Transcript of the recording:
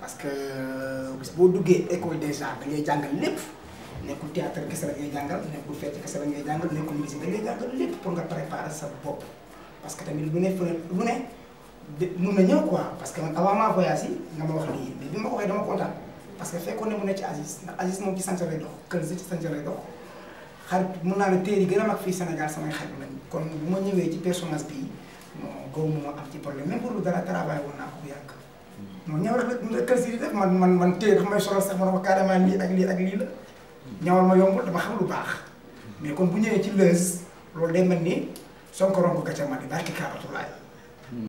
parce que euh, bis boo duggee école des arts da ngay jàngal lépp nekkul théâtre kese la ngay jàngal nekkul fecc kese la ngay jàngal lépp pour nga préparer sa bopp parce que tamit lu ne fa lu ne mun na ñëw quoi parce que man avant ma voyage yi nga ma wax lii mais bi ma ko waxee dama kontaan parce que fekkoon ne mu ne ci Aziz ndax Aziz moom ci sant dox kër si ci sant dox xarit mun naa ne téer yi gën a mag fii Sénégal samay xarit lañ kon bu ma ñëwee ci personnage bii non gaw moo am ci moom ñëw rek la kër def man man man téye dafa may solo sax man ma carrément lii ak lii la ñawal ma yombul dama xam lu baax mais comme bu ñëwee ci lëz loolu day mel ni Sonko romb gàcce man di barki kaabatulaay